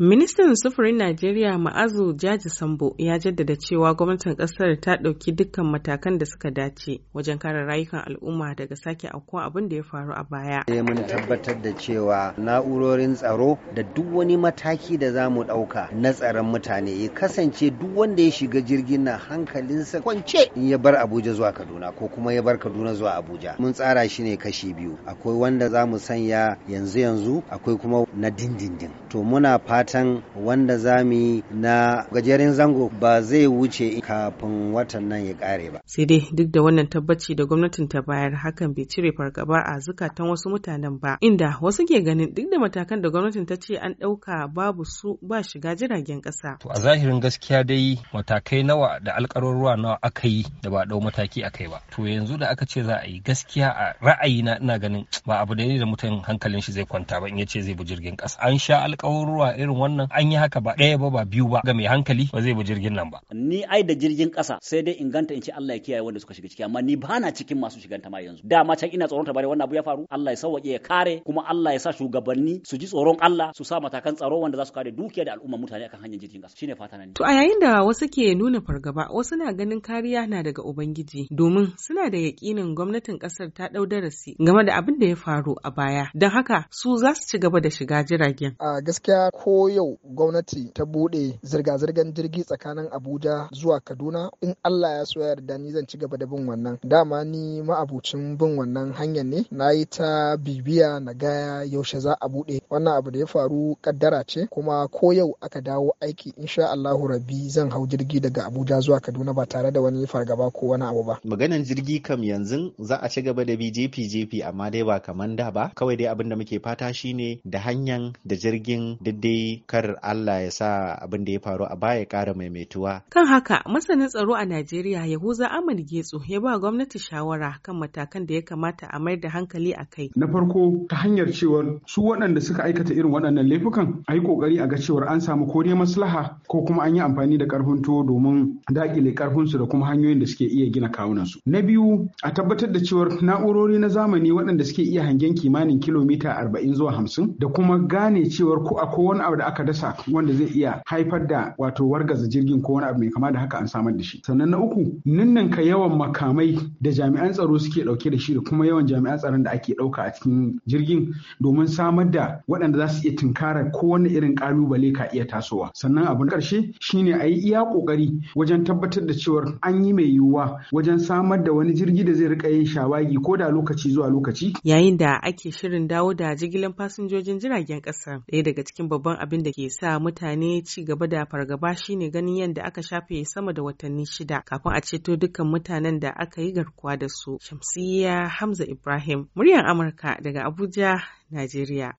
Ministan Sufurin Najeriya Ma'azu Jaji Sambo ya jaddada cewa gwamnatin kasar ta ɗauki dukkan matakan da suka dace wajen kare rayukan al'umma daga sake aukuwa abin da ya faru a baya. Sai eh, mun tabbatar da cewa na'urorin tsaro da duk wani mataki da za mu ɗauka na tsaron mutane ya kasance duk wanda ya shiga jirgin na hankalinsa kwance in ya bar Abuja zuwa Kaduna ko kuma ya bar Kaduna zuwa Abuja. Mun tsara shi ne kashi biyu. Akwai wanda za mu sanya yanzu yanzu akwai kuma na dindindin. To muna fata fatan wanda za na gajeren zango ba zai wuce kafin watan nan ya kare ba. Sai dai duk da wannan tabbaci da gwamnatin ta bayar hakan bai cire fargaba a zukatan wasu mutanen ba inda wasu ke ganin duk da matakan da gwamnatin ta ce an ɗauka babu su ba shiga jiragen ƙasa. To a zahirin gaskiya dai matakai nawa da alƙarurruwa nawa aka yi da ba ɗau mataki aka yi ba. To yanzu da aka ce za a yi gaskiya a ra'ayina ina ganin ba abu da ne da mutum hankalin shi zai kwanta ba in ya ce zai bi jirgin ƙasa. An sha alƙarurruwa irin irin wannan an yi haka ba ɗaya ba ba biyu ba ga mai hankali ba zai bi jirgin nan ba ni ai da jirgin ƙasa sai dai ganta in ci Allah ya kiyaye wanda suka shiga ciki amma ni ba na cikin masu shigan ta ma yanzu dama can ina tsoron ta bare wannan abu ya faru Allah ya sauwaƙe ya kare kuma Allah ya sa shugabanni su ji tsoron Allah su sa matakan tsaro wanda za su kare dukiya da al'umma mutane akan hanyar jirgin ƙasa shine fata na ni to a yayin da wasu ke nuna fargaba wasu na ganin kariya na daga ubangiji domin suna da yakinin gwamnatin ƙasar ta ɗau darasi game da abin da ya faru a baya don haka su za su ci gaba da shiga jiragen a gaskiya ko ko yau gwamnati ta bude zirga-zirgar jirgi tsakanin abuja zuwa kaduna in allah ya so yarda ni zan ci gaba da bin wannan dama ni ma'abucin bin wannan hanyar ne na yi ta bibiya na gaya yaushe za a bude wannan abu da ya faru kaddara ce kuma ko yau aka dawo aiki insha allahu rabi zan hau jirgi daga abuja zuwa kaduna ba tare da wani fargaba ko wani abu ba maganan jirgi kam yanzu za a ci gaba da bi jp amma dai ba kamar da ba kawai dai abin da muke fata shine da hanyar da jirgin daidai kar Allah ya sa abin da ya faru a baya ƙara maimaituwa. Kan haka masanin tsaro a Najeriya Yahuza Ahmad Getso ya ba gwamnati shawara kan matakan da ya kamata a mayar da hankali a kai. Na farko ta hanyar cewar su waɗanda suka aikata irin waɗannan laifukan a yi ƙoƙari a ga cewar an samu ko dai maslaha ko kuma an yi amfani da ƙarfin tuwo domin daƙile ƙarfinsu da kuma hanyoyin da suke iya gina kawunansu. Na biyu a tabbatar da cewar na'urori na zamani waɗanda suke iya hangen kimanin kilomita arba'in zuwa hamsin da kuma gane cewar ko akwai wani abu da aka dasa wanda zai iya haifar da wato wargaza jirgin ko wani abu mai kama da haka an samar da shi sannan na uku ninninka yawan makamai da jami'an tsaro suke dauke da shi da kuma yawan jami'an tsaron da ake dauka a cikin jirgin domin samar da waɗanda za su iya tinkara wani irin kalubale ka iya tasowa sannan abu na ƙarshe shine a yi iya ƙoƙari wajen tabbatar da cewar an yi mai yiwuwa wajen samar da wani jirgi da zai rika yin shawagi ko da lokaci zuwa lokaci yayin da ake shirin dawo da jigilan fasinjojin jiragen ƙasa ɗaya daga cikin babban abin da ke sa mutane ci gaba da fargaba shine ganin yadda aka shafe sama da watanni shida kafin a ceto dukkan mutanen da aka yi garkuwa da su. Shamsiyya Hamza Ibrahim, muryar Amurka daga Abuja, Najeriya.